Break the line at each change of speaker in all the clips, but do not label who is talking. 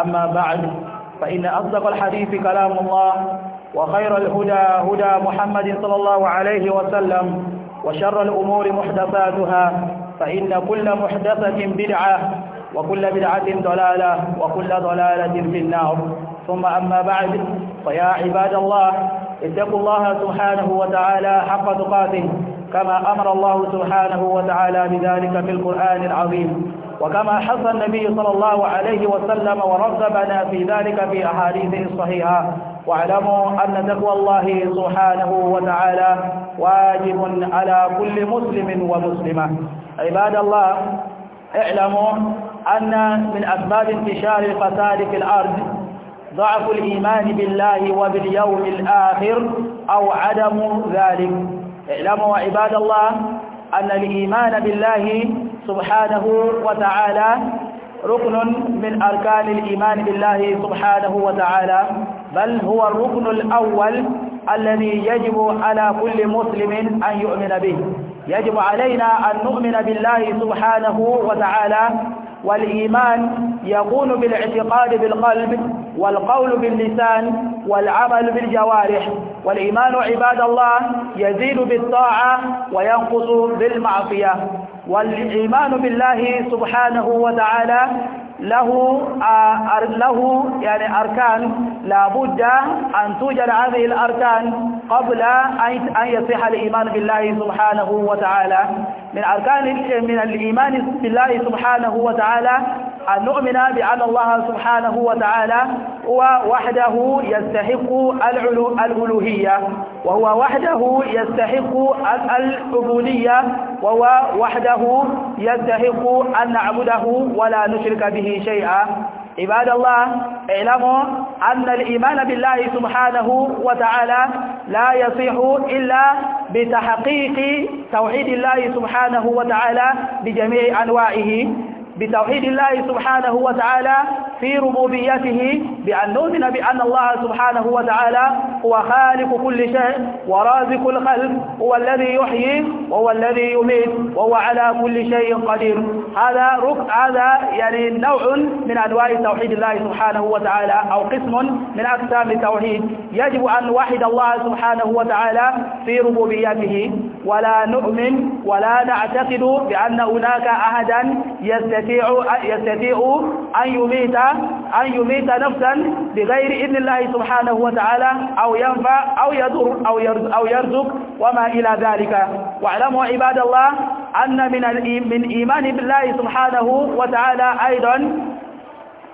أما بعد فإن أصدق الحديث كلام الله وخير الهدى هدى محمد صلى الله عليه وسلم وشر الأمور محدثاتها فإن كل محدثة بدعة وكل بدعة ضلالة وكل ضلالة في النار ثم أما بعد فيا عباد الله اتقوا الله سبحانه وتعالى حق تقاته كما أمر الله سبحانه وتعالى بذلك في القرآن العظيم وكما حث النبي صلى الله عليه وسلم ورغبنا في ذلك في أحاديثه الصحيحة واعلموا أن تقوى الله سبحانه وتعالى واجب على كل مسلم ومسلمة عباد الله اعلموا أن من أسباب انتشار الفساد في الأرض ضعف الإيمان بالله وباليوم الآخر أو عدم ذلك اعلموا عباد الله أن الإيمان بالله سبحانه وتعالى ركن من أركان الإيمان بالله سبحانه وتعالى بل هو الركن الأول الذي يجب على كل مسلم أن يؤمن به يجب علينا أن نؤمن بالله سبحانه وتعالى والإيمان يكون بالاعتقاد بالقلب والقول باللسان والعمل بالجوارح والإيمان عباد الله يزيد بالطاعة وينقص بالمعصية والإيمان بالله سبحانه وتعالى له له يعني أركان لابد أن توجد هذه الأركان قبل أن يصح الإيمان بالله سبحانه وتعالى من أركان من الإيمان بالله سبحانه وتعالى أن نؤمن بأن الله سبحانه وتعالى هو وحده يستحق الألوهية وهو وحده يستحق العبودية وهو وحده يستحق أن نعبده ولا نشرك به شيئا عباد الله اعلموا أن الإيمان بالله سبحانه وتعالى لا يصح إلا بتحقيق توحيد الله سبحانه وتعالى بجميع أنواعه بتوحيد الله سبحانه وتعالى في ربوبيته بأن نؤمن بأن الله سبحانه وتعالى هو خالق كل شيء ورازق الخلق هو الذي يحيي وهو الذي يميت وهو على كل شيء قدير هذا رك هذا يعني نوع من أنواع توحيد الله سبحانه وتعالى أو قسم من أقسام التوحيد يجب أن نوحد الله سبحانه وتعالى في ربوبيته ولا نؤمن ولا نعتقد بأن هناك أحدا يستطيع يستطيع أن يميت أن يميت نفسا بغير إذن الله سبحانه وتعالى أو ينفع أو يضر أو أو يرزق وما إلى ذلك واعلموا عباد الله أن من من إيمان بالله سبحانه وتعالى أيضا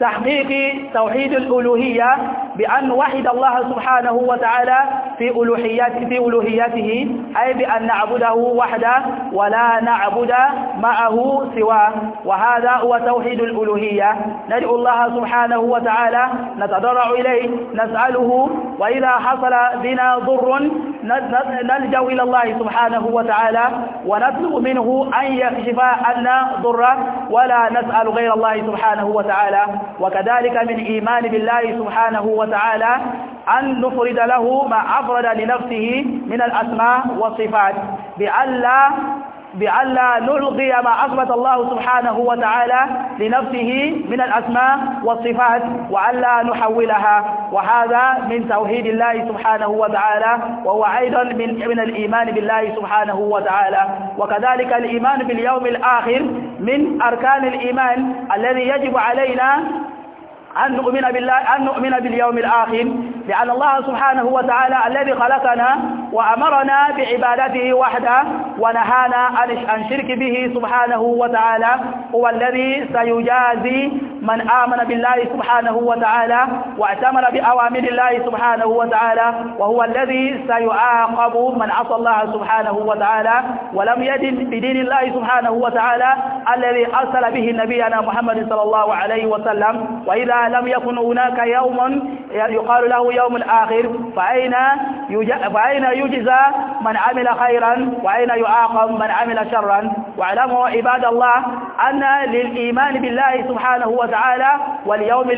تحقيق توحيد الألوهية بأن وحد الله سبحانه وتعالى في ألوهيته في ألوهيته أي بأن نعبده وحده ولا نعبد معه سواه وهذا هو توحيد الألوهية ندعو الله سبحانه وتعالى نتضرع إليه نسأله وإذا حصل بنا ضر نلجأ إلى الله سبحانه وتعالى ونطلب منه أن يكشف عنا ضر ولا نسأل غير الله سبحانه وتعالى وكذلك من إيمان بالله سبحانه وتعالى وتعالى أن نفرد له ما أفرد لنفسه من الأسماء والصفات بألا بألا نلغي ما أثبت الله سبحانه وتعالى لنفسه من الأسماء والصفات وألا نحولها وهذا من توحيد الله سبحانه وتعالى وهو أيضا من, من الإيمان بالله سبحانه وتعالى وكذلك الإيمان باليوم الآخر من أركان الإيمان الذي يجب علينا أن نؤمن بالله أن نؤمن باليوم الآخر لأن الله سبحانه وتعالى الذي خلقنا وأمرنا بعبادته وحده ونهانا عن الشرك به سبحانه وتعالى هو الذي سيجازي من آمن بالله سبحانه وتعالى واعتمر بأوامر الله سبحانه وتعالى وهو الذي سيعاقب من عصى الله سبحانه وتعالى ولم يدن بدين الله سبحانه وتعالى الذي أرسل به نبينا محمد صلى الله عليه وسلم وإذا لم يكن هناك يوم يقال له يوم الآخر فأين فأين يجزى من عمل خيرا وأين يعاقب من عمل شرا واعلموا عباد الله أن للإيمان بالله سبحانه وتعالى واليوم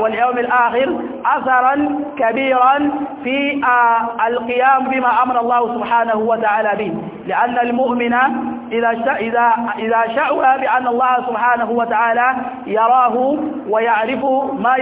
واليوم الآخر أثرا كبيرا في آه، القيام بما أمر الله سبحانه وتعالى به لأن المؤمن إذا شعر بأن الله سبحانه وتعالى يراه ويعرف ما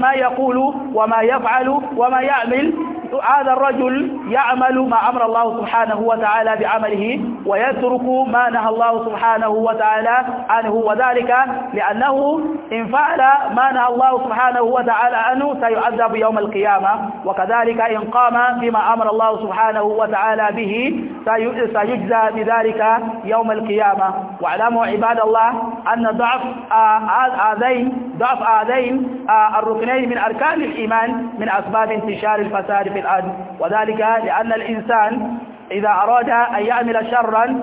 ما يقول وما يفعل وما يعمل هذا الرجل يعمل ما أمر الله سبحانه وتعالى بعمله ويترك ما نهى الله سبحانه وتعالى عنه وذلك لأنه إن فعل ما نهى الله سبحانه وتعالى عنه سيعذب يوم القيامة وكذلك إن قام بما أمر الله سبحانه وتعالى به سيجزى بذلك يوم القيامة واعلموا عباد الله أن ضعف هذين ضعف هذين الركنين من أركان الإيمان من أسباب انتشار الفساد الآن وذلك لأن الإنسان إذا أراد أن يعمل شرا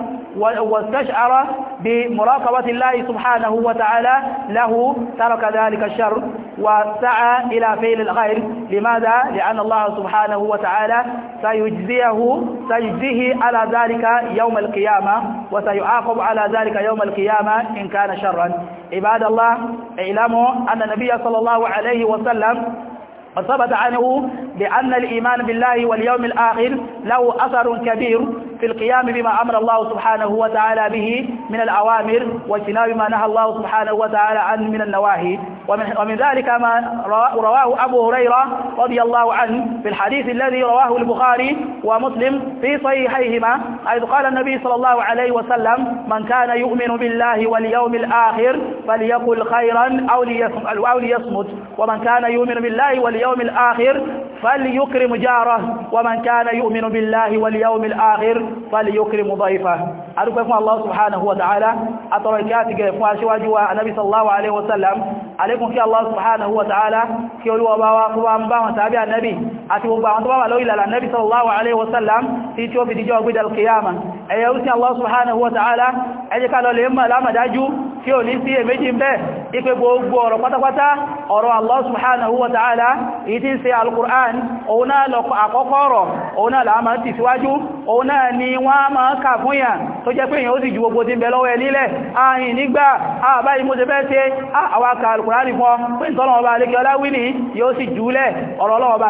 واستشعر بمراقبة الله سبحانه وتعالى له ترك ذلك الشر وسعى إلى فعل الخير لماذا؟ لأن الله سبحانه وتعالى سيجزيه سيجزيه على ذلك يوم القيامة وسيعاقب على ذلك يوم القيامة إن كان شرا عباد الله اعلموا أن النبي صلى الله عليه وسلم وثبت عنه بأن الإيمان بالله واليوم الآخر له أثر كبير في القيام بما أمر الله سبحانه وتعالى به من الأوامر واجتناب ما نهى الله سبحانه وتعالى عنه من النواهي ومن, ومن ذلك ما رواه أبو هريرة رضي الله عنه في الحديث الذي رواه البخاري ومسلم في صحيحيهما حيث قال النبي صلى الله عليه وسلم من كان يؤمن بالله واليوم الآخر فليقل خيرا أو ليصمت ومن كان يؤمن بالله واليوم الآخر فليكرم جاره ومن كان يؤمن بالله واليوم الآخر فليكرم ضيفه adúpẹ́ fún Allah subhanahu wa ta'ala àtọrọ ìkẹ́ àti gẹ̀rẹ̀ fún aṣíwájú wa anábi sallallahu alaihi wasallam alékún kí Allah subhanahu wa ta'ala kí olúwa bá wá kó bá ń bá wọn tàbí anábi àti gbogbo àwọn tó bá wà lórí ìlànà anábi sallallahu alaihi wasallam tí tí ó fi díjọ́ gbídà alkiyama ẹ̀yẹ rúsí Allah subhanahu wa ta'ala ẹjẹ́ ká lọ lè mọ̀ lámàdájú tí ò ní sí èméjì ń bẹ́ ipe gbogbo ọ̀rọ̀ pátápátá ọ̀rọ̀ Allah subhanahu wa ta'ala ìtí ń ṣe al-Qur'an òun náà lọ àkọ́kọ́ ọ̀rọ̀ ti síwájú òun ni wọ́n máa kà fún yà tó jẹ́ pé èyàn ó sì ju gbogbo tí ń bẹ lọ́wọ́ ẹlílẹ̀ ààyìn nígbà àbáyí mo ṣe fẹ́ ṣe àwọn aka alkùnrin fún pé ìtọ́lọ̀ ọba alékiọlá wí ní yóò sì jùúlẹ̀ ọ̀rọ̀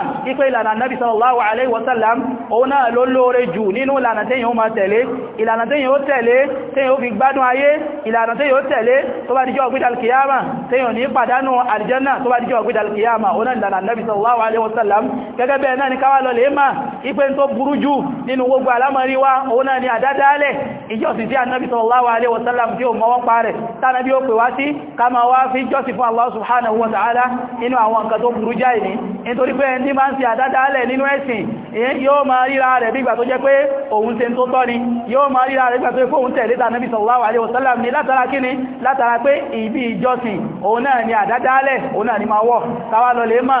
alékiọlá nabi sallallahu alaihi wasallam òun náà ló lóore jù nínú ìlànà téèyàn ó máa tẹ̀lé ìlànà téèyàn ó tẹ̀lé téèyàn ó fi gbádùn ayé ìlànà téèyàn ó tẹ̀lé tó bá dijọ́ ọgbídàlkìyàmà téèyàn ní pàdánù nabi sallallahu sallallahu alaihi wasallam gẹ́gẹ́ bẹ́ẹ̀ náà ni káwà lọ lè máa ipé tó burú jù nínú gbogbo alámọ̀rí wa òun náà ni àdádálẹ̀ ìjọsìn tí annabi sallallahu alaihi wasallam tí ó mọ́wọ́ pa rẹ̀ tánàbí ó pè wá sí kama wá fi jọ́sìn fún Allah subhanahu wa ta'ala inú àwọn nǹkan tó burú jáì ní nítorí pé ẹni máa ń ṣe àdádálẹ̀ nínú ẹ̀sìn yóò máa ríra rẹ̀ bí ìgbà tó jẹ́ pé òun ṣe tó tọ́ ni yóò máa ríra rẹ̀ bí ìgbà tó jẹ́ pé òun tẹ̀lé tánàbí sallallahu alaihi wasallam ni látara pé ibi ìjọsìn òun náà ni àdádálẹ̀ òun náà ni máa wọ̀ tàwa lọ lè máa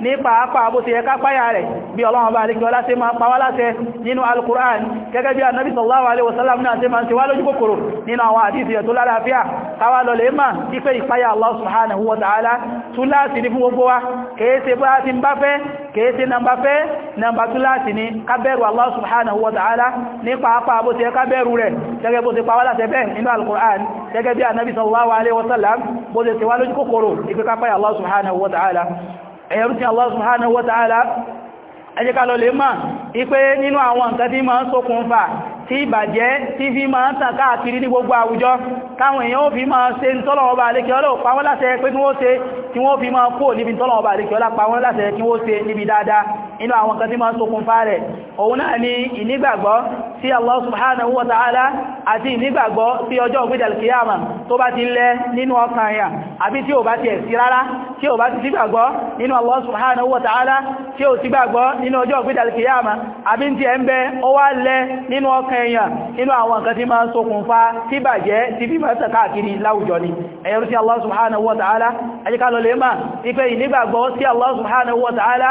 ní pàápàá bó ti yẹ ká páyà rẹ̀ bí ọlọ́run bá alékẹ́ ọlá ṣe máa pa wá láṣẹ nínú alukur'an gẹ́gẹ́ bí anábì sallallahu alaihi wasallam náà ṣe máa ṣe wá lójú kòkòrò nínú àwọn àdíṣì ẹ̀ tó lálàáfíà káwà lọ Allah subhanahu wa ta'ala túláàsì ní fún gbogbo wa kèése bá ti ń bá fẹ́ Allah subhanahu wa ta'ala ní pàápàá bó ti yẹ kábẹ̀rù rẹ̀ gẹ́gẹ́ bó ti pa wá láṣẹ bẹ́ẹ̀ nínú sallallahu alaihi wasallam bó ti ṣe wá lójú kòkòrò ìpẹ́kápáyà Allah subhanahu wa ta'ala ẹ̀yẹ̀rú sí Allah subhanahu wa ta'ala ẹjẹ́ ká lọ lè máa ipé nínú àwọn nǹkan tí ma ń ṣokùnfà tí ìbàjẹ́ tí fi máa ń tàn káàkiri ní gbogbo àwùjọ táwọn èèyàn ó fi máa ṣe ń tọ́lọ̀ ọba àlékiọ́lá pa wọ́n láṣẹ pé kí wọ́n ṣe kí wọ́n fi máa kó níbi tọ́lọ̀ ọba àlékiọ́lá pa wọ́n láṣẹ kí wọ́n ṣe níbi dáadáa inú àwọn kan tí máa ń ṣokùnfà rẹ̀ òun náà ni ìnígbàgbọ́ sí Allah subhanahu wa ta'ala àti ìnígbàgbọ́ sí ọjọ́ ògbé dalkiyama tó bá ti lẹ nínú ọkàn yà àbí tí ó bá ti ẹ̀sí rárá tí ó bá ti sí gbàgbọ́ nínú Allah subhanahu wa ta'ala tí ó ti gbàgbọ́ nínú ọjọ́ ògbé dalkiyama àbí tí ẹ ń bẹ ó lẹ nínú ọkàn èèyàn inú àwọn nǹkan tí máa ń ṣokùnfà tí bàjẹ́ tí bí máa tàkà kiri láwùjọ ni ẹ̀yẹ̀rú sí Allah subhanahu wa ta'ala ajíkálọ̀lẹ́mà ipé ìnígbàgbọ́ sí Allah subhanahu wa ta'ala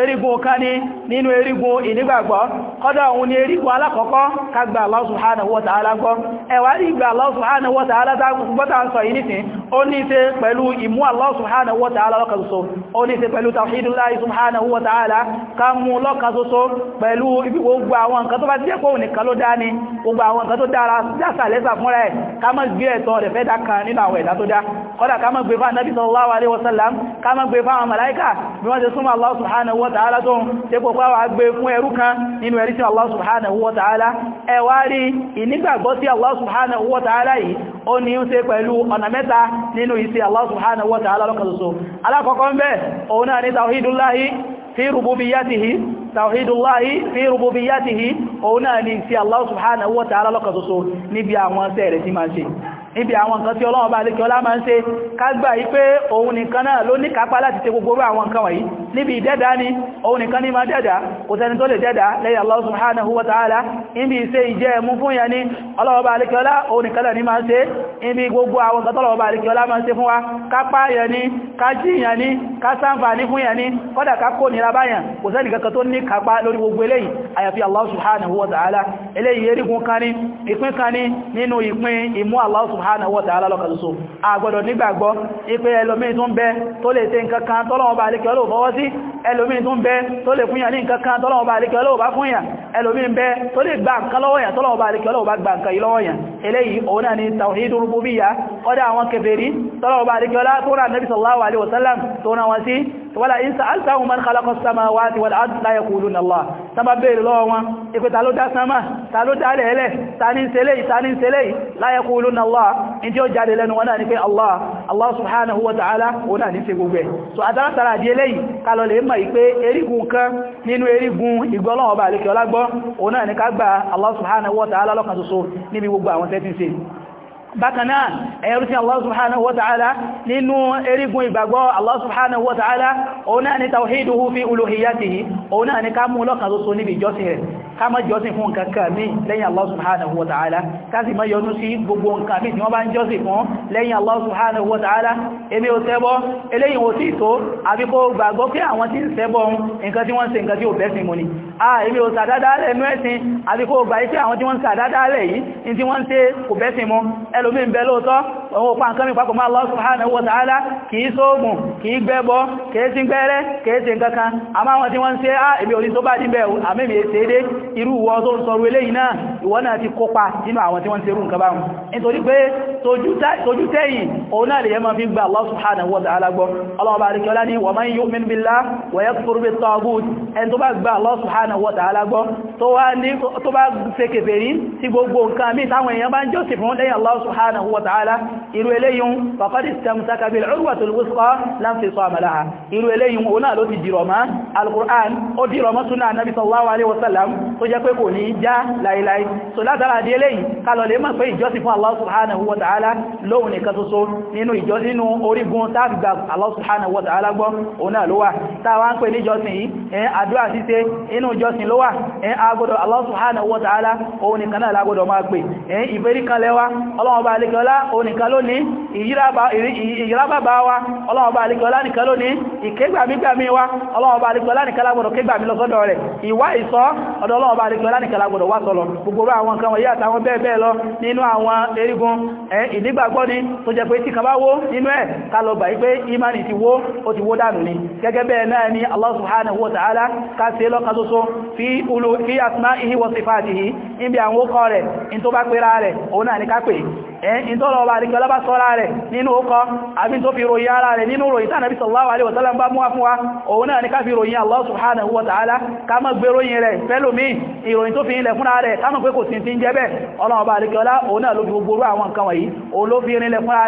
erigun kan ní nínú erigun ìnígbàgbọ́ kọ́dọ̀ òun ni erigun alákọ̀ọ́kọ́ kagbà Allah subhanahu wa ta'ala gbọ́ ẹwà ìgbà Allah subhanahu wa ta'ala gbọ́ta ń sọ yìí nìsìn ó ní ṣe pẹ̀lú ìmú Allah subhanahu wa ta'ala lọ́kàsoso ó ní ṣe pẹ̀lú tawhidullahi subhanahu wa ta'ala ká mú lọ́kàsoso pẹ̀lú gbogbo àwọn nǹkan tó bá ti jẹ́ pé òun nìkan ló dá ní gbogbo àwọn nǹkan tó dára dásà lẹ́sà fúnra ẹ̀ ká má wa ta'ala tó ń tẹ́kọ̀ pàwà gbé fún ẹrú kan nínú ẹ̀rí sí Allah subhanahu wa ta'ala ẹ wá rí ìnígbàgbọ́ sí Allah subhanahu wa ta'ala yìí ó ní ń ṣe pẹ̀lú ọ̀nà mẹ́ta nínú ìsẹ́ Allah subhanahu wa ta'ala lọ́kàtọ̀sọ alákọ̀ọ́kọ́ ń bẹ́ níbi àwọn nǹkan tí ọlọ́wọ́ bá lékẹ́ ọlá máa ń ṣe kágbà yí pé òun nìkan náà ló ní kápá láti ṣe gbogbo àwọn nǹkan wọ̀nyí níbi ìdẹ́dà ni òun nìkan ní máa dẹ́dà kò sẹ́ni tó lè dẹ́dà lẹ́yìn Allah subhanahu wa ta'ala níbi iṣẹ́ ìjẹ́ mú fún yẹn ni ọlọ́wọ́ bá lékẹ́ ọlá òun nìkan ní máa ṣe níbi gbogbo àwọn nǹkan tọ́lọ́wọ́ bá lékẹ́ ọlá máa ṣe fún wa kápá yẹn ni ká jí ni ká sáǹfààní fún yẹn ni Allah subhanahu wa ta'ala eléyìí erigun kan ni ìpín kan ni nínú ìpín ìmú Allah subhanahu subhanahu wa ta'ala lọ́kà ṣoṣo a ni nígbàgbọ́ ipé ẹlòmíì tún bẹ tó lè ṣe nǹkan kan tọ́lọ́wọ́ bá alékẹ́ ọlọ́wọ́ fọwọ́ sí ẹlòmíì tún bẹ tó lè fúnyà ní nǹkan kan tọ́lọ́wọ́ bá alékẹ́ ọlọ́wọ́ bá fúnyà ẹlòmíì bẹ tó lè gba nǹkan lọ́wọ́ yàn tọ́lọ́wọ́ bá alékẹ́ ọlọ́wọ́ bá gba nǹkan lọ́wọ́ yàn eléyìí òun náà ni tawhid rububiyya ọdá àwọn kèfèrí tọ́lọ́wọ́ bá alékẹ́ ọlá tó rà nabi sallallahu alaihi wasallam To na wọn sí wọ́la ìsà alìsáhùn man khalaqas samawati wal ardi la yaquluna Allah sábà bèèrè lọ́wọ́ wọn ìpé ta ló dá sánmà ta ló dá lẹ́ẹ̀lẹ́ ta ní ṣẹlẹ̀ ta ní ṣẹlẹ̀ la yaquluna Allah in tí ó jáde lẹ́nu wọn náà ni pé Allah Allah subhanahu wa ta'ala ó náà ní ṣe gbogbo ẹ̀ so àdáratara di eléyìí kalọ̀ lè mọ̀ ìpé erigun kan nínú erigun ìgbọ́lọ́wọ́ bá àlekẹ́ ọlágbọ́ ó náà ni ká gba Allah subhanahu wa ta'ala lọ́kan ṣoṣo níbi gbogbo àwọn tẹ́tí ṣe bákanáà ẹ̀yẹ̀rú sí Allah subhanahu wa ta'ala nínú erigun ìgbàgbọ́ Allah subhanahu wa ta'ala òun náà ni tawhiduhu fi uluhiyyatihi òun náà ni ká mú lọ́kàn so níbi ìjọsìn rẹ̀ ká má jọ́sìn fún nǹkan kan mí lẹ́yìn Allah subhanahu wa ta'ala ká sì má yọnú sí gbogbo nǹkan mí tí wọ́n bá ń jọ́sìn fún lẹ́yìn Allah subhanahu wa ta'ala èmi ò ṣẹbọ eléyìn ò sí ìtó àbí kó gbàgbọ́ pé àwọn tí ń ṣẹbọ nǹkan tí wọ́n ṣe nǹkan tí ò bẹ́sìn mu ni a èmi ò sàdádálẹ̀ ẹnu ẹ̀sìn àbí kó gbà pé àwọn tí wọ́n ń sàdádálẹ̀ yìí ní tí wọ́n ń ṣe kò bẹ́sìn nǹkan tí ò ní irú wọ́ tó ń sọ̀rọ̀ eléyìí náà ìwọ náà ti kópa nínú àwọn tí wọ́n ti rú nǹkan báhùn nítorí pé tójú tẹ́yìn òun náà lè yẹ máa fi gba Allah subhanahu wa ta'ala gbọ́ Allah bá rikẹ́ ọlá ní wa man yu'min billah wa yakfur bit-taghut ẹni tó bá gba Allah subhanahu wa ta'ala gbọ́ tó bá ṣe kèfèrí tí gbogbo nǹkan mí táwọn èèyàn bá ń jọ́sìn fún lẹ́yìn Allah subhanahu wa ta'ala irú eléyìn faqad istamsaka bil nabi sallallahu alaihi wasallam tó jẹ́ pé kò ní já láìláì so látara àdí eléyìí kálọ̀ lè mọ̀ pé ìjọsìn fún Allah subhanahu wa ta'ala lóhun nìkan tó so nínú ìjọsìn nínú orígun táàgbà Allah subhanahu wa ta'ala gbọ́ òun náà ló wà táwa ń pè ní ìjọsìn yìí ẹn àdúrà ṣíṣe inú ìjọsìn ló wà ẹn agbọ́dọ̀ Allah subhanahu wa ta'ala òun nìkan náà lágbọ́dọ̀ máa pè ẹn ìfẹ́rí kan lẹ́wà ọlọ́wọ́ba alẹ́kọ́lá òun nìkan ọlọ́run bá rikọ̀ lánìkàlá gbọdọ̀ wá sọ́lọ̀ gbogbo àwọn kan wọ̀nyí àtàwọn bẹ́ẹ̀ bẹ́ẹ̀ lọ nínú àwọn erigun ẹ̀ ìdígbàgbọ́ ni tó jẹ pé tí kan bá wó nínú ẹ̀ ká lọ gbà pé imani ti wó ó ti wó dànù ni gẹ́gẹ́ bẹ́ẹ̀ náà ni Allah subhanahu wa ta'ala ká ṣe fi ulu fi asma'ihi wa sifatihi níbi àwọn ó kọ́ rẹ̀ in tó ni ká ẹ̀yìn tó lọ́wọ́ àríkẹ́ ọlọ́bá sọ́ra rẹ̀ nínú ọkọ̀ àbí tó fi ròyìn ara rẹ̀ nínú ròyìn tánàbí sallallahu alaihi wasallam bá múwá fún wa òun náà ní ká fi ròyìn Allah subhanahu wa ta'ala ká mọ́ gbé ròyìn rẹ̀ fẹ́lòmí ìròyìn tó fi ilẹ̀ fúnra rẹ̀ ká mọ̀ pé kò sí ti ń jẹ́ bẹ́ẹ̀ ọlọ́ọ̀bá àríkẹ́ ọlá òun náà ló fi gbogbo orú àwọn nǹkan wọ̀nyí òun ló fi rinlẹ̀ fúnra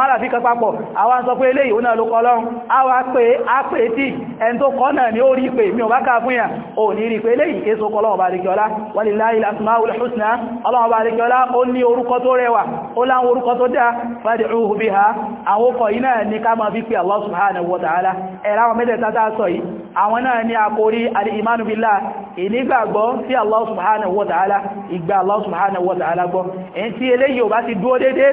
rẹ̀ harafi kan papọ̀ àwa ń sọ pé eléyìí ó náà ló kọ́ lọ́run a wá pé a pè tí ẹni tó kọ́ náà ni ó rí pé mi ò bá ká fún yà ò ní rí pé eléyìí késo kọ́ lọ́wọ́ balikiola walilahi al-asmaul husna ọlọ́wọ́ balikiola ó ní orúkọ tó rẹwà ó láwọn orúkọ tó dá fad'uhu biha àwọn okọ̀ yìí náà ni sí Allah subhanahu wa ta'ala ìgbà Allah subhanahu wa ta'ala gbọ́ èyí tí eléyìí ò bá ti dúó déédéé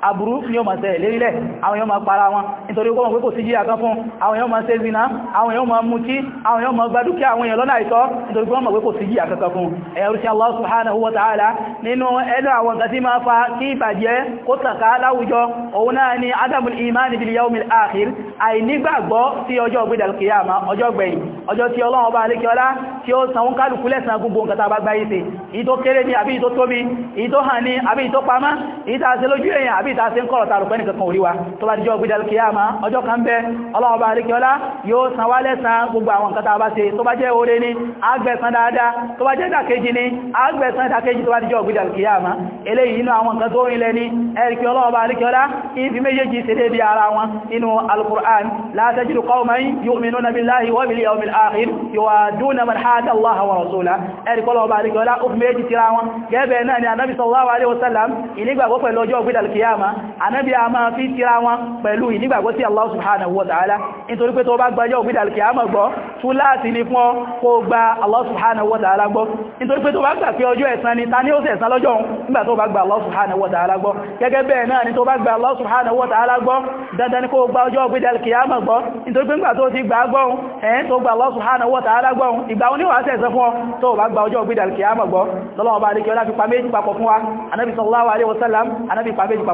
aburú ni ó máa ṣẹlẹ̀ lérílẹ̀ àwọn èèyàn máa para wọn nítorí ó kọ́ pé kò sí jíyà kan fún àwọn èèyàn máa ṣe zina àwọn èèyàn máa mutí àwọn èèyàn máa gba dúkìá àwọn èèyàn lọ́nà àìtọ́ nítorí wọ́n mọ̀ pé kò sí jíyà kankan fún ẹ̀rù sí Allah subhanahu wa ta'ala nínú ẹnu àwọn nǹkan tí máa fa kí ìbàjẹ́ kó tàkà láwùjọ òun náà ni adamul imani bil yawmil akhir àìnígbàgbọ́ sí ọjọ́ ọgbẹ̀dà kìyàmá ọjọ́ gbẹ̀yìn ọjọ́ tí Ọlọ́run bá alékiọlá tí ó sanwó kálùkù lẹ́sàn gbogbo nǹkan tàbá gbáyé sí ìtó kéré ní àbí ìtó tóbi ìtó hàn ní àbí ìtó pamá ìtàṣẹ́ lójú èèyàn àbí ìta sí ń kọ́rọ̀ tààrù pẹ́ nìkankan orí wa tó bá díjọ́ gbídà kíyàmá ọjọ́ kan bẹ ọlọ́wọ́ bá alékiọlá yóò san wá lẹ́san gbogbo àwọn nǹkan tàà bá ṣe tó bá jẹ́ oore ni agbẹ̀san dáadáa tó bá jẹ́ dàkejì ni agbẹ̀san dàkejì tó bá díjọ́ gbídà kíyàmá eléyìí inú àwọn nǹkan tó rìn lẹ ni ẹ̀rìkì ọlọ́wọ́ bá alékiọlá ìfi méjèèjì ṣe débi ara wọn inú alukur'an la tajidu qawman yu'minuna billahi wa bil alkiyama anábi a máa fi tira wọn pẹ̀lú ìnígbàgbọ́ sí Allah subhanahu wa ta'ala nítorí pé tó bá gbájọ́ ògbídà alkiyama gbọ́ tún láti ní fún ọ kó gba Allah subhanahu wa ta'ala gbọ́ nítorí pé tó bá gbà pé ọjọ́ ẹ̀san ni ta ní ó sì ẹ̀san lọ́jọ́ nígbà tó bá gba Allah subhanahu wa ta'ala gbọ́ gẹ́gẹ́ bẹ́ẹ̀ náà ni tó bá gba Allah subhanahu wa ta'ala gbọ́ dandan ni kó gba ọjọ́ ògbídà alkiyama gbọ́ nítorí pé nígbà tó ti gbà gbọ́ ẹ̀yìn tó gba Allah subhanahu wa ta'ala gbọ́ ìgbà oníwà sẹ̀sẹ̀ fún ọ tó bá gba ọjọ́ ògbídà alkiyama gbọ́ lọ́lọ́wọ́ bá ní kí ọlá fi pa méjì papọ̀ fún wa anábi sallallahu alaihi wasallam anábi pa méjì papọ̀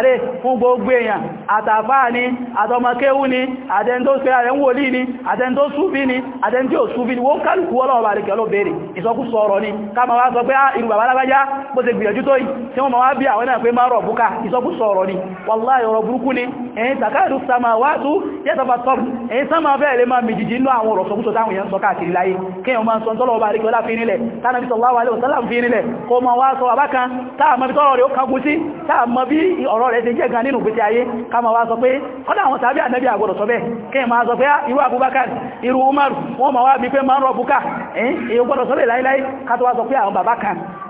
sàárè fún gbogbo èèyàn àtàfáà ni àtọmọkéwú ni àtẹni tó sẹ́ra rẹ̀ ń wòlí ni àtẹni tó súfí ni àtẹni tí ò súfí ni wọ́n kálùkù ọlọ́wọ́ bá rikẹ̀ lóbèèrè ìsọkúsọ ọ̀rọ̀ ni káàmà wá sọ pé ah, á ni wàláhì ọ̀rọ̀ burúkú ni ẹ̀yìn tàkàrù sama wá tú yẹ́sọ̀fà sọ́rù ẹ̀yìn sama bẹ́ẹ̀ lè máa mìjìjì nínú àwọn ọ̀rọ̀ sọkúsọ táwọn èèyàn sọ káàkiri láyé kí wọ́n máa sọ tọ́lọ̀ bá rí bọ́rọ̀ rẹ̀ ti jẹ́ gan nínú pẹ̀tẹ̀ ayé ká ma wá sọ pé kọ́dá àwọn sàábí ànẹ́bí àgbọ̀dọ̀ sọ bẹ́ẹ̀ kí ma sọ pé ah, irú Abubakar irú Umar wọ́n ma wá bí pé ma ń rọ bukà èyí gbọ́dọ̀ sọ bẹ́ẹ̀ láíláí ká tó wá sọ pé àwọn bàbá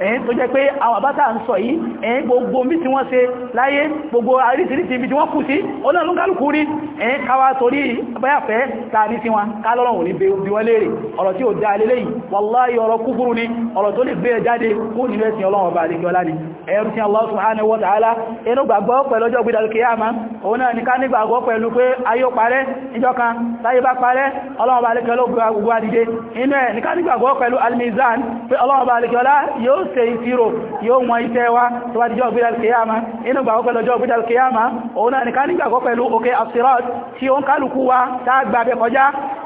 ẹ̀yìn tó jẹ́ pé àwọn àbátà ń sọ yìí ẹ̀yìn gbogbo bí tí wọ́n ṣe láyé gbogbo àríṣìíríṣìí ibi tí wọ́n kù sí ọlọ́run kálùkù rí ẹ̀yìn káwà torí báyàfẹ́ ta ní sí wọn kálọ́rọ̀ òní bí wọ́n léèrè ọ̀rọ̀ tí ó dá alẹ́lẹ́ yìí wàláyé ọ̀rọ̀ kúkúrú ni ọ̀rọ̀ tó lè gbé jáde kó nínú ẹ̀sìn ọlọ́run ọba àdéjọ́lá ni ẹ̀rù sí Allah subhanahu wa ta'ala inú gbàgbọ́ pẹ̀lú ọjọ́ gbídà lókè àmá òun náà ní ká ní gbàgbọ́ pẹ̀lú pé ayé yóò ṣe ìṣirò yóò wọn iṣẹ́ wa tó bá dijọ́ gbídà kìyàmá inú gbà ọpẹ́ lọ́jọ́ gbídà kìyàmá òun náà nìkan nígbàgbọ́ pẹ̀lú òkè asirat tí ó ń kálukú wa tá a gbàbẹ̀ kọjá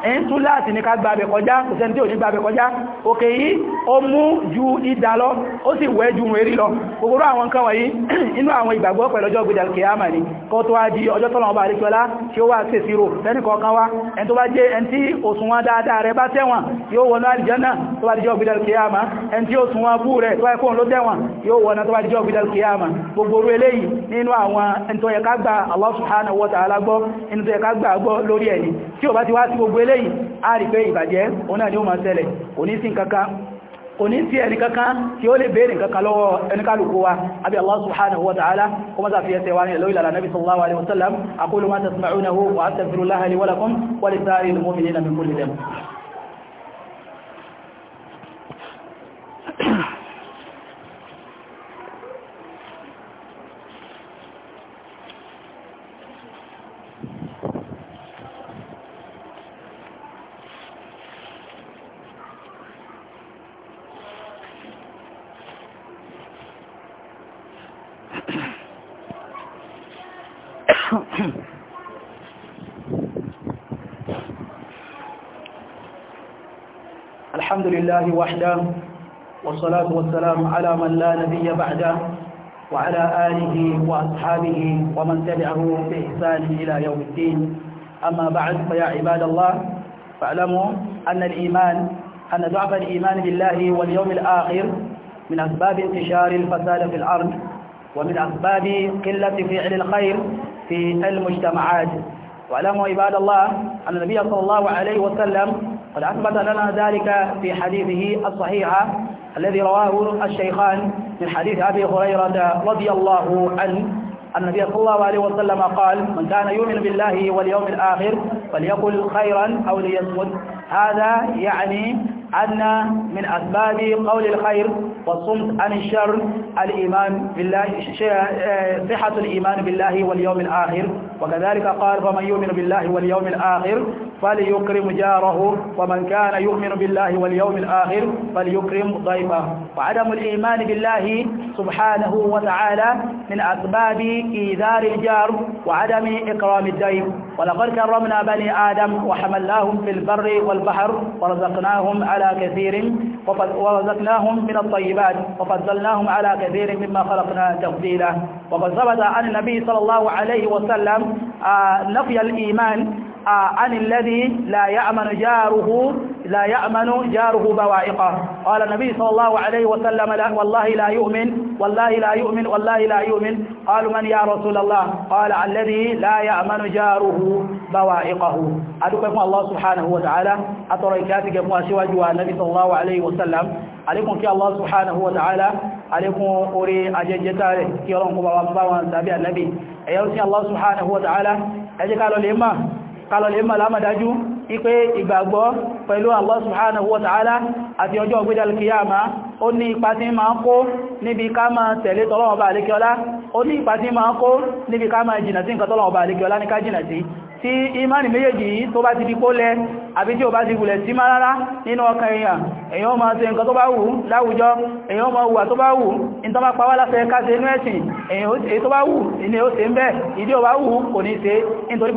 ẹ̀yìn tún láti ní ká gbàbẹ̀ kọjá kò sẹ́ni tí ò ní gbàbẹ̀ kọjá òkè yìí ó mú ju ìdà lọ ó sì wẹ́ ju rẹ̀ rí lọ gbogbo àwọn nǹkan wọ̀nyí wa ẹni tó bá jẹ́ ẹni tí òsùnwọ̀n dáadáa rẹ̀ bú rẹ̀ rẹ̀ tó ẹkùn ló dẹ̀wọ̀n yóò wọ́n tó bá jọ ìdàl kìyàmà gbogbo orú eléyìí nínú àwọn ẹntọ́yẹká gba Allah subhanahu wa ta'ala gbọ́ ẹntọ́yẹká gba gbọ́ lórí ẹni tí ó bá ti wá sí gbogbo eléyìí a rí pé ìbàjẹ́ òun náà ni ó máa ṣẹlẹ̀ kò ní sí kankan kò ní sí ẹnìkankan tí ó lè bèèrè kankan lọ́wọ́ ẹnikálùkú wa abi Allah subhanahu wa ta'ala kuma za fi yẹ tẹwa ní lórí lára nabi sallallahu alaihi wasallam aqulu ma tasma'unahu wa astaghfirullaha li wa lakum wa li sa'iril mu'minina min kulli dhanb الحمد لله وحده والصلاة والسلام على من لا نبي بعده وعلى آله وأصحابه ومن تبعه بإحسان إلى يوم الدين أما بعد فيا عباد الله فاعلموا أن الإيمان أن ضعف الإيمان بالله واليوم الآخر من أسباب انتشار الفساد في الأرض ومن أسباب قلة فعل الخير في المجتمعات واعلموا عباد الله أن النبي صلى الله عليه وسلم قد أثبت لنا ذلك في حديثه الصحيح الذي رواه الشيخان من حديث أبي هريرة رضي الله عنه النبي صلى الله عليه وسلم قال من كان يؤمن بالله واليوم الآخر فليقل خيرا أو ليصمت هذا يعني أن من أسباب قول الخير والصمت عن الشر الإيمان بالله صحة الإيمان بالله واليوم الآخر وكذلك قال فمن يؤمن بالله واليوم الآخر فليكرم جاره ومن كان يؤمن بالله واليوم الآخر فليكرم ضيفه وعدم الإيمان بالله سبحانه وتعالى من أسباب إيذار الجار وعدم إكرام الضيف ولقد كرمنا بني آدم وحملناهم في البر والبحر ورزقناهم على كثير ورزقناهم من الطيبات وفضلناهم على كثير مما خلقنا تفضيلا وقد ثبت عن النبي صلى الله عليه وسلم آه، نفي الإيمان آه، عن الذي لا يأمن جاره لا يأمن جاره بوائقه قال النبي صلى الله عليه وسلم لا والله لا يؤمن والله لا يؤمن والله لا يؤمن قال من يا رسول الله قال الذي لا يأمن جاره بوائقه أدوكم الله سبحانه وتعالى أتريكاتك مواسوا جوا النبي صلى الله عليه وسلم عليكم كي الله سبحانه وتعالى عليكم أري أجنجتاري كي رنكم وابا سابع النبي أيوسي الله سبحانه وتعالى أجي قالوا لإما قالوا لإما لما داجوا ipe ìgbàgbọ́ pẹ̀lú Allah subhanahu wa ta'ala àti ọjọ́ ọgbẹ́dà kìyàmá ó ní ipa tí ma ń kó níbi ká ma tẹ̀lé tọ́lọ́wọ́ bá àlékiọlá ó ní ipa tí ma ń kó níbi ká ma jìnà sí nǹkan tọ́lọ́wọ́ bá àlékiọlá ní ká jìnà sí tí imani méjèèjì yìí tó bá ti di kó lẹ àbí tí ó bá ti gùlẹ̀ sí má rárá nínú ọkàn èèyàn èèyàn máa ṣe nǹkan tó bá wù láwùjọ èèyàn máa wùwà tó bá wù ní tó bá pa wá láṣẹ káṣe inú ẹ̀sìn èèyàn tó bá wù ní ó ṣe ń bẹ́ ìdí ó bá wù kò ní ṣe nítorí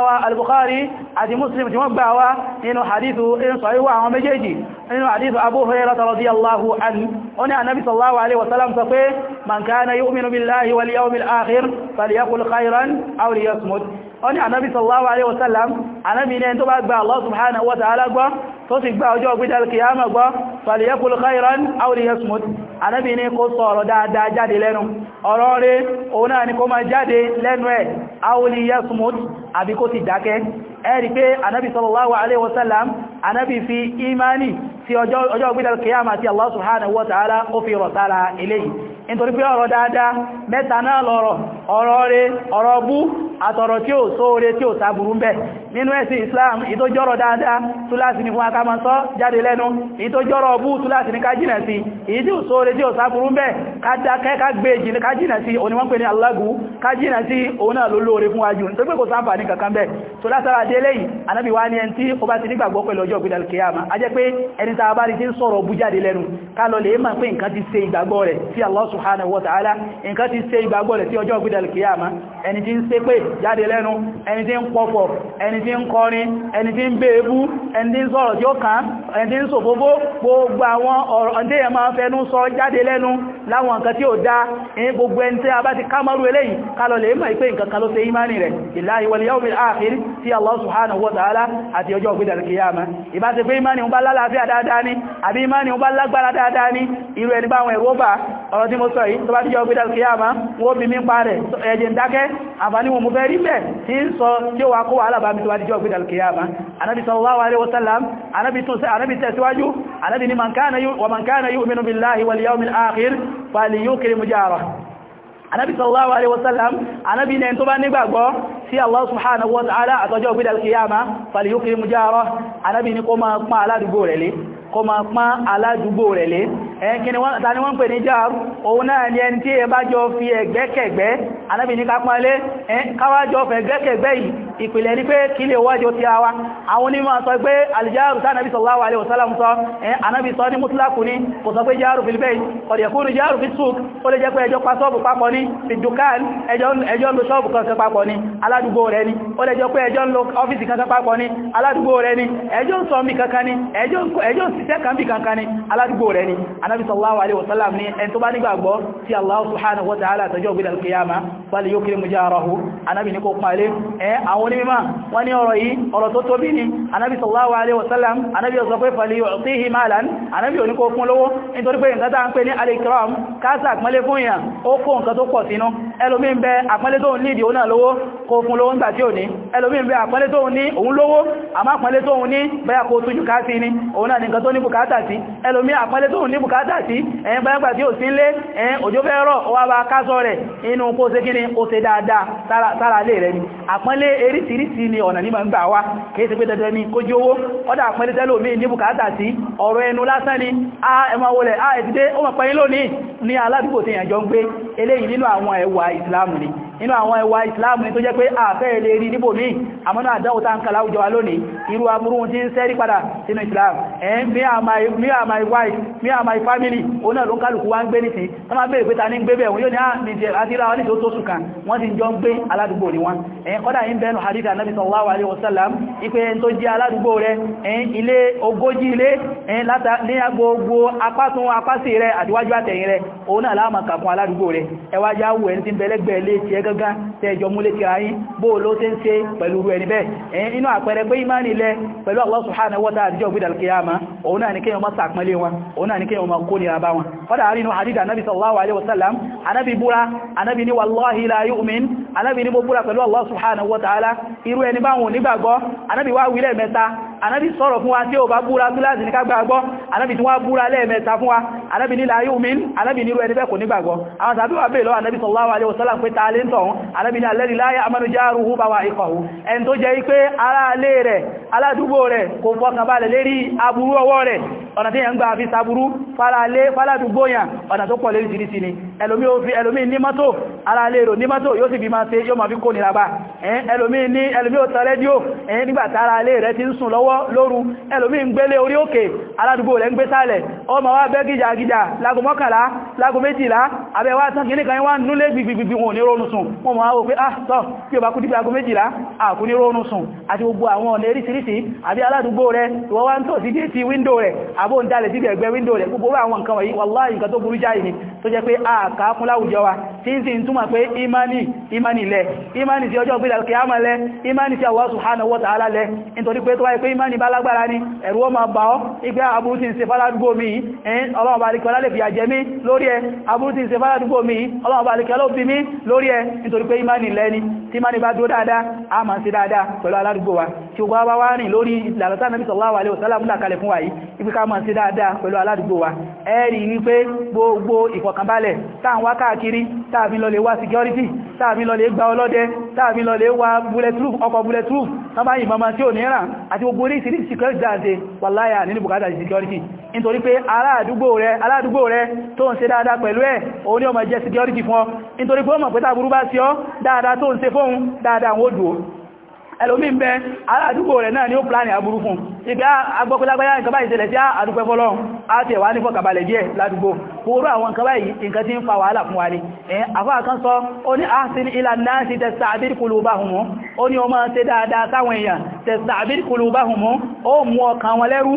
wa al-Bukhari àti Muslim tí wọ́n gbà wá nínú hadith ìrìnsọ̀ ìwà àwọn Abu Hurairah radiyallahu anhu ó ní ànábì sallallahu alaihi wasallam sọ pé man kana yu'minu billahi wal yawmil akhir falyaqul khairan aw liyasmut ó ní ànábì sallallahu alaihi wasallam ànábì ní tó bá gba Allah subhanahu wa ta'ala gbọ́ tó sì gba ọjọ́ gbídá alkiyama gbọ́ falyaqul khairan aw liyasmut ànábì ní kó sọ̀rọ̀ dáadáa jáde lẹ́nu ọ̀rọ̀ rẹ̀ òun náà ni kó máa jáde lẹ́nu ẹ̀ aw liyasmut àbí kó ti dákẹ́ ẹ̀rí pé ànábì sallallahu alaihi wasallam ànábì fi imani tí ọjọ́ ọgbẹ́dàl kìyàmà tí Allah subhanahu wa ta'ala ó fi rọ̀ sára eléyìí nítorí pé ọ̀rọ̀ dáadáa mẹ́ta náà lọ́rọ̀ ọ̀rọ̀ rẹ̀ ọ̀rọ̀ bú àtọ̀rọ̀ tí ó sóore tí ó tàbùrú bẹ̀ nínú ẹ̀sìn Islam ìtójọ́rọ̀ dáadáa túláàsì ní fún akámansọ́ jáde lẹ́nu ìtójọ́rọ̀ bú túláàsì ní ká jìnà sí èyí tí ó sóore tí ó tàbùrú ń bẹ̀ kádákẹ́ ká gbé jìnà ká jìnà sí òní wọ́n pè ní alágù ká jìnà sí òun náà ló lóore fún wájú nítorí pé kò sáǹfà ní kankan bẹ̀ tó látara dé lẹ́yìn anábì wá ní subhanahu wa ta'ala nǹkan tí ṣe ìgbàgbọ́ rẹ̀ tí ọjọ́ ìgbìdà kìyàmá ẹni tí ń ṣe pé jáde lẹ́nu ẹni tí ń pọ̀pọ̀ ẹni tí ń kọrin ẹni tí ń bèébú ẹni tí ń sọ̀rọ̀ tí ó kàn ẹni tí ń sòfófó gbogbo àwọn ọ̀rọ̀ tí ẹ máa fẹnu sọ jáde lẹ́nu láwọn nǹkan tí ó dá ẹni gbogbo ẹni tí a bá ti kámọ́rú eléyìí kálọ̀ lè mọ̀ pé nǹkan kan ló ṣe ìmánì rẹ̀ billahi wal yawmil akhir tí Allah subhanahu wa ta'ala àti ọjọ́ ìgbìdà kìyàmá ìbá ti pé ìmánì ń bá lálàáfíà dáadáa ni àbí ìmánì ń bá lágbára dáadáa ni irú ẹni báwọn ẹ̀rọ bá ọ̀rọ̀ tí mo sọ yìí tó bá díjọ gbé dálkì yàmá wọ́n bí mi ń pa rẹ̀ ẹjẹ̀ ń dákẹ́ àbáni wọn mú bẹ́ẹ̀ rí bẹ̀ tí ń sọ tí ó wà kó wàhálà bá mi tó bá díjọ gbé dálkì yàmá anábi sallallahu alaihi wasallam anábi tó anábi tẹ̀síwájú anábi ni man kana yu'minu billahi wal yawmil akhir falyukrim jarahu anábi sallallahu alaihi wasallam anábi ni kó kó máa pán aládùúgbò rẹ̀ lé ẹ̀kìnì tàní wọ́n pè ní jáàrù òun náà ni ẹni tí ẹ bá jọ fi ẹ̀gbẹ́kẹ̀gbẹ́ anábì ní kápánlé káwàjọ fẹ̀ gẹ́kẹ̀gbẹ́ yìí ìpìlẹ̀ ní pé kí lè wájọ ti àwa àwọn onímọ̀ sọ pé alìjáàrù tánàbí sallallahu alaihi wasallam sọ anábì sọ ní mútúlákù ní kò sọ pé jáàrù fi bẹ́ẹ̀ ọ̀dẹ̀kúrù jáàrù fi súk ó lè jẹ́ pé ẹjọ́ pa sọ́ọ̀bù ni ó lè jẹ́ pé ẹjọ́ ń lo ọ́fíìsì kan ni ẹjọ́ ń sọ mí kankan ni ẹjọ́ ń ṣiṣẹ́ kan bí kankan ni anábi sallallahu alaihi wasallam ni ẹni tó bá nígbàgbọ́ tí Allah subhanahu wa ta'ala tọjọ́ ògbìdà alkiyama wal yukrim jarahu anábi ní kó pàálé ẹ àwọn onímọ̀ wọ́n ní ọ̀rọ̀ yìí ọ̀rọ̀ tó tóbi ni anábi sallallahu alaihi wasallam anábi ọ̀sọ̀ pé fal yu'tihi malan anábi ò ní kó fún lówó nítorí pé nǹkan tá ń pè ní al-ikram káàsà àpẹẹlẹ fún èèyàn ó kó nǹkan tó pọ̀ sínú ẹlòmí ń bẹ àpẹẹlẹ tó bùkátà sí ẹ̀yìn gbẹ́gbà tí ò sí lé ẹ̀yìn òjò fẹ́ rọ̀ wá bá kásọ̀ rẹ̀ inú kó ṣe kíni ó ṣe dáadáa sára lè rẹ̀ ni àpọ́nlé eríṣìíríṣìí ni ọ̀nà ní ma wá kìí pé dandan ni kó jí owó ọdá àpọ́nlé tẹ́lò ní a ẹmọ a ẹ̀tìdé ó mọ̀ pẹ́yìn lónìí ní aládùúgbò tí ìyànjọ ń gbé eléyìí nínú àwọn ni inú àwọn ẹwà ìsìláàmù tó jẹ́ pé àfẹ́ ilé rí níbò míì àmọ́nà àdáwòta ń kà láwùjọ wa irú amúrú tí ń sẹ́rí padà sínú ìsìláàmù ẹ̀yìn me and my wife me and my family òun náà ló ń kálùkù wá ń gbé nìsí wọ́n máa bèèrè pé ta ní ń gbé bẹ̀ wọ́n yóò ní àmìtì ah, àti ra oníṣẹ́ tó sùn kan wọ́n ti jọ ń gbé aládùúgbò ni wọ́n ẹ̀yìn kọ́dà yìí bẹnu hadith anabi sallallahu alaihi wasallam ipe tó jẹ́ aládùúgbò rẹ̀ ẹ̀yìn ilé ogójì ilé ẹ̀yìn láta gangan tẹjọ múlé tira yín bó ló tẹ́ ń ṣe pẹ̀lú rú ẹni bẹ́ẹ̀ inú àpẹẹrẹ pé ìmáni lẹ pẹ̀lú Allah subhanahu wa ta'ala àdíjọ́ ògbìdà kíyàmá òun náà ní kíyàn máa sàpẹ́lé wọn òun náà ní kíyàn máa kó nira bá wọn fọ́dà àrínú àdídà anábi sallallahu alaihi wasallam anábi búra anábi ní wallahi anábi sọ̀rọ̀ fún wa tí ó bá búra túláàsì ní kágbàgbọ́ anábi tí wọ́n búra lẹ́ẹ̀mẹ́ta fún wa anábi nílá yúmin anábi nílò ẹni bẹ́ẹ̀ kò nígbàgbọ́ àwọn tàbí wà bèèrè lọ anábi sallallahu alaihi wasallam pé ta lé ń tọ̀hún wa ikọ̀hu ẹni tó jẹ́ pé aráalé rẹ̀ aládùúgbò rẹ̀ kò fọkàn balẹ̀ lérí aburú ọwọ́ rẹ̀ ọ̀nà tí yẹn ń gba àfi saburú faralé faládùúgbò yàn ọ̀nà tó pọ̀ lérí ni ẹlòmí òfin ẹlòmí ní mọ́tò aráalé rò ní mọ́tò yóò sì bí máa ṣe yóò máa fi kó ò tán rédíò nígbàtà aráalé rẹ̀ ti ń sùn lọ́wọ́ lọ́wọ́ lóru ẹlòmí ń gbélé orí òkè aládùúgbò rẹ̀ ń gbé sálẹ̀ ọmọ wá bẹ́ gíjàgíjà lágo mọ́kànlá lágo méjìlá abẹ́wà sánkìní kan wá núlé gbìgbìgbì wọn ní rónú sùn wọn mọ̀ wọ́n pé ah tọ́ bí o bá kú dípẹ́ ago méjìlá àkú ní rónú sùn àti gbogbo àwọn ọ̀nà eríṣiríṣi àbí aládùúgbò rẹ̀ ìwọ wá ń tọ̀ sí déètì wíńdò rẹ̀ àbó ń dalẹ̀ síbi ẹ̀gbẹ́ wíńdò rẹ̀ gbogbo àwọn nǹkan wọ̀nyí wàláhì nǹkan tó burú jáì ni tó jẹ́ pé àkàákún láwùjọ wa tí ń sì ń túmọ̀ pé imani imani lẹ imani ti ọjọ́ gbé ìdàkẹ́ àmà lẹ imani ti Allah subhanahu wa ta'ala lẹ nítorí pé tó wáyé pé ìmáni bá lágbára ní ẹ̀rù ọmọ bá ọ́ ìgbé àbúrútí ń ṣe fáládúgbò mi ẹ̀yìn ọlọ́ọ̀bá alìkẹ́ lálẹ́ fi àjẹ́ mi lórí ẹ àbúrútí ń ṣe fáládúgbò mi ọlọ́ọ̀bá alìkẹ́ ló bí mi lórí ẹ nítorí pé ìmáni lẹ́ni tí ìmáni bá dúró dáadáa a máa ń ṣe dáadáa pẹ̀lú aládùúgbò wa tí ó bá wá rìn lórí ìlànà tí Ànábì sallallahu alaihi wasallam là kalẹ̀ fún wa yìí ibi ká máa ń ṣe dáadáa pẹ̀lú aládùúgbò wa ẹ̀rí wípé gbogbo ìfọ̀kànbalẹ̀ táà ń wá káàkiri táàbí lọ lè wá security táàbí lọ lè gba ọlọ́dẹ táàbí lọ lè wá bulletproof ọkọ̀ bulletproof tán bá yìnbọn oríṣiríṣi security jáde wàláyà nínú bukata security nítorí pé aládùúgbò rẹ aládùúgbò rẹ tó ń ṣe dáadáa pẹ̀lú ẹ̀ o ní ọmọ jẹ́ security fún ọ nítorí pé ó mọ̀ pé tàbúrú bá sí ọ dáadáa tó ń ṣe fóhun dáadáa wọ́n dùn ẹlòmí ń bẹ aládùúgbò rẹ̀ náà ni ó pláni àbúrú fún ìgbà agbọ́kúlágbáyá nǹkan báyìí ṣẹlẹ̀ sí àdúpẹ́ fọ́lọ́run a ti ẹ̀wà ní fọ́kàbalẹ̀ díẹ̀ ládùúgbò kòrò àwọn nǹkan báyìí nǹkan tí ń fa wàhálà fún wa ní àfáà kan sọ ó ní ahsin ila nasi tasta'bid tẹ̀sàbíl kùlùbáhùnmú ó mú ọkàn wọn lẹ́rú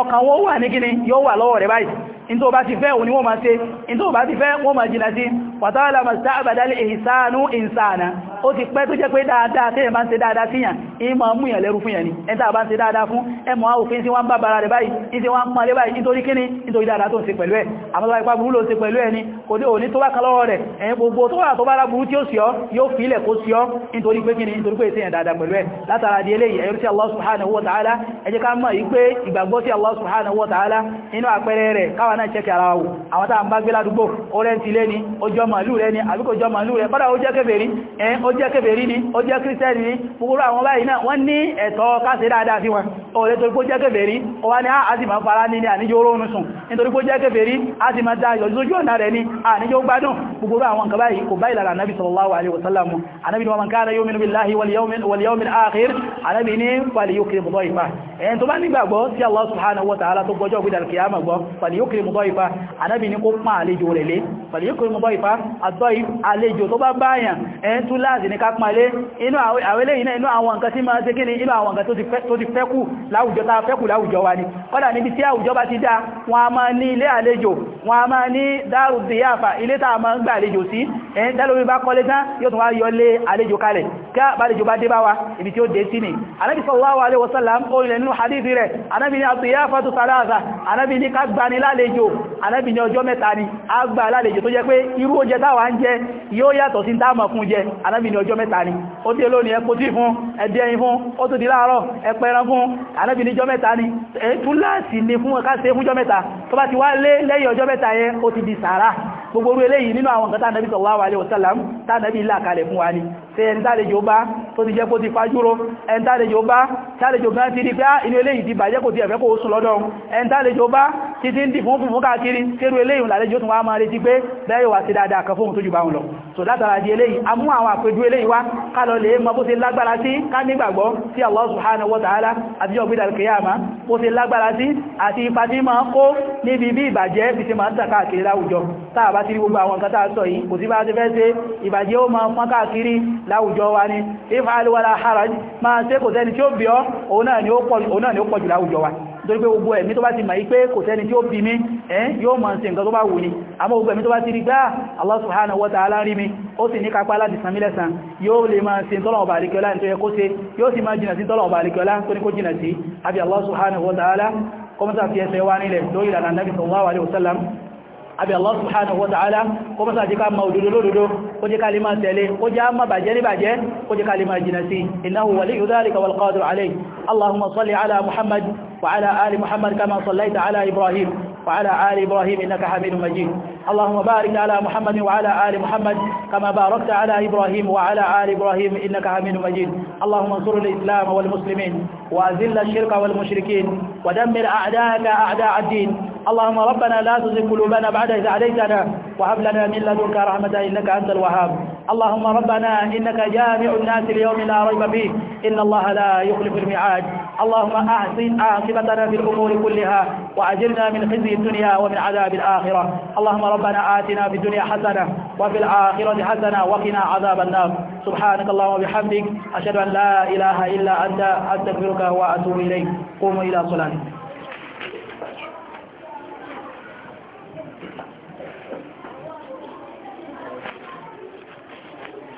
ọkàn wọn wà ní gíní yóò wà lọ́wọ́ rẹ̀ báyìí in tó bá ti fẹ́ òní wọ́n máa ṣe in tó bá ti fẹ́ wọ́n máa jìnà sí wàtàwàlà màsá àbàdálì ìsànú ìsànà ó ti pẹ́ tó jẹ́ pé dáadáa tẹ́yẹ̀ bá ń ṣe dáadáa síyàn in ma mú yàn lẹ́rú fún yàn ni ẹta bá ń ṣe dáadáa fún ẹmọ òfin tí wọ́n bá bara rẹ̀ báyìí in tí wọ́n pọ̀ lé eléyìí ẹ̀rí sí Allah subhanahu wa ta'ala ẹ jẹ́ ká mọ̀ yí pé ìgbàgbọ́ sí Allah subhanahu wa ta'ala nínú àpẹẹrẹ rẹ̀ káwa náà ṣẹ́kẹ̀ ara wò àwọn tá à ń bá gbé ládùúgbò ó rẹ́ ti lé ni ó jọ màálù rẹ ni àbíkò jọ màálù rẹ bọ́dà ó jẹ́ kèfèrí ẹ ó jẹ́ kèfèrí ni ó jẹ́ kírísítẹ́nì ni gbogbo àwọn báyìí náà wọ́n ní ẹ̀tọ́ káṣe dáadáa sí wọn òòrẹ́ torí pé ó jẹ́ kèfèrí ó a sì máa fara ní ní àníjó sùn nítorí pé ó a sì máa da ìyọ̀jú ojú ọ̀nà rẹ̀ ni àníjó gbádùn gbogbo àwọn nǹkan báyìí kò bá ìlànà anábì sallallahu alaihi wasallam ànábì ní fàlìyókèrè mọ̀dọ́ ìfà ẹ̀yẹn tó bá nígbàgbọ́ sí Allah subhanahu wa ta'ala tó gbọ́jọ́ gbídà kìyàmà gbọ́ fàlìyókèrè mọ̀dọ́ ìfà ànábì ní kó pán àlejò rẹ̀ lé fàlìyókèrè mọ̀dọ́ ìfà àtọ́ àlejò tó bá báyàn ẹ̀yẹn tún láti ní ká pán lé inú àwẹ́lẹ́ iná inú àwọn nǹkan tí máa ṣe kí ni inú àwọn nǹkan tó ti fẹ́kù láwùjọ tá fẹ́kù láwùjọ wa ni kọ́dà níbi tí àwùjọ bá ti dá wọn a máa ní ilé àlejò wọn a máa ibi tí ó dé sí ni anábi sallallahu alaihi wasallam ó ilẹ̀ nínú hadithi rẹ̀ anábi ni àtìyáfàtù sàlázà anábi ni ká gbani lálejò anábi ni ọjọ́ mẹ́ta ni a gbà lálejò tó jẹ́ pé irú oúnjẹ táwa ń jẹ yóò yàtọ̀ sí dáàmà fún jẹ anábi ni ọjọ́ mẹ́ta ni ó dé lónìí ẹkùn tí fún ẹdí ẹyin fún ó gbogbo orú eléyìí nínú àwọn nǹkan tánàbí sallallahu alaihi wasallam tánàbí ilá kalẹ̀ fún wa ni ṣe ẹni tálejò bá tó ti jẹ́ kó ti fajúrò ẹni tálejò bá tálejò gan ti rí pé ah, inú eléyìí ti bàjẹ́ kò ti ẹ̀fẹ́ kó sùn lọ́dọ̀ ẹni tálejò bá ti ti ń dì fún fún káàkiri kérú eléyìí làlejò tún wá máa retí pé bẹ́ẹ̀ wà sí dáadáa kan fóhun tó jù bá wọn lọ so látara di eléyìí bá ti rí gbogbo àwọn nǹkan tàà sọ yìí kò sí bá ti fẹ́ ṣe ìbàjẹ́ ó ma fán káàkiri láwùjọ wa ni ifal wala haraj máa ṣe kò sẹ́ni tí ó bí ọ́ òun náà ni ó pọ̀jù láwùjọ wa torí pé gbogbo ẹ̀mí tó bá ti máa pé kò sẹ́ni tí ó bí mi ẹ́ yóò máa ṣe nǹkan tó bá wù ní àmọ́ gbogbo ẹ̀mí tó bá ti rí gbáà ah, Allah subhanahu wa ta'ala rí mi ó sì ní kápá láti san mí lẹ́san yóò lè máa ṣe tọ́lọ̀ ọba àríkẹ́ọ́lá tó yẹ kó ṣe yóò sì máa jìnà sí tọ́lọ̀ ọba àríkẹ́ọ́lá tó ní kó jìnà sí àbí Allah subhanahu wa ta'ala fi ẹsẹ̀ wá nílẹ̀ lórí ìlànà Nabi sallallahu alaihi àbí Allah subhanahu wa ta'ala kó mọ́sá jẹ́ ká ma òdòdó lódòdó kó jẹ́ kalima tẹ̀lé kó jẹ́ á ba je ní bàjẹ́ kó jẹ́ ká lè máa jìnà innahu waliyyu dhalika wal qadir alayh Allahumma salli ala Muhammad wa ala ali Muhammad kama sallaita ala Ibrahim wa وعلى آل إبراهيم إنك حميد مجيد اللهم بارك على محمد وعلى آل محمد كما باركت على إبراهيم وعلى آل إبراهيم إنك حميد مجيد اللهم انصر الإسلام والمسلمين وأذل الشرك والمشركين ودمر أعداءك أعداء الدين اللهم ربنا لا تزغ قلوبنا بعد إذ هديتنا وهب لنا من لدنك رحمة إنك أنت الوهاب اللهم ربنا إنك جامع الناس ليوم لا ريب فيه إن الله لا يخلف الميعاد اللهم أحسن عاقبتنا في الأمور كلها وأجرنا من خزي الدنيا ومن عذاب الآخرة اللهم ربنا آتنا في الدنيا حسنة وفي الآخرة حسنة وقنا عذاب النار سبحانك اللهم وبحمدك أشهد أن لا إله إلا أنت أستغفرك وأتوب إليك قوموا إلى صلاتك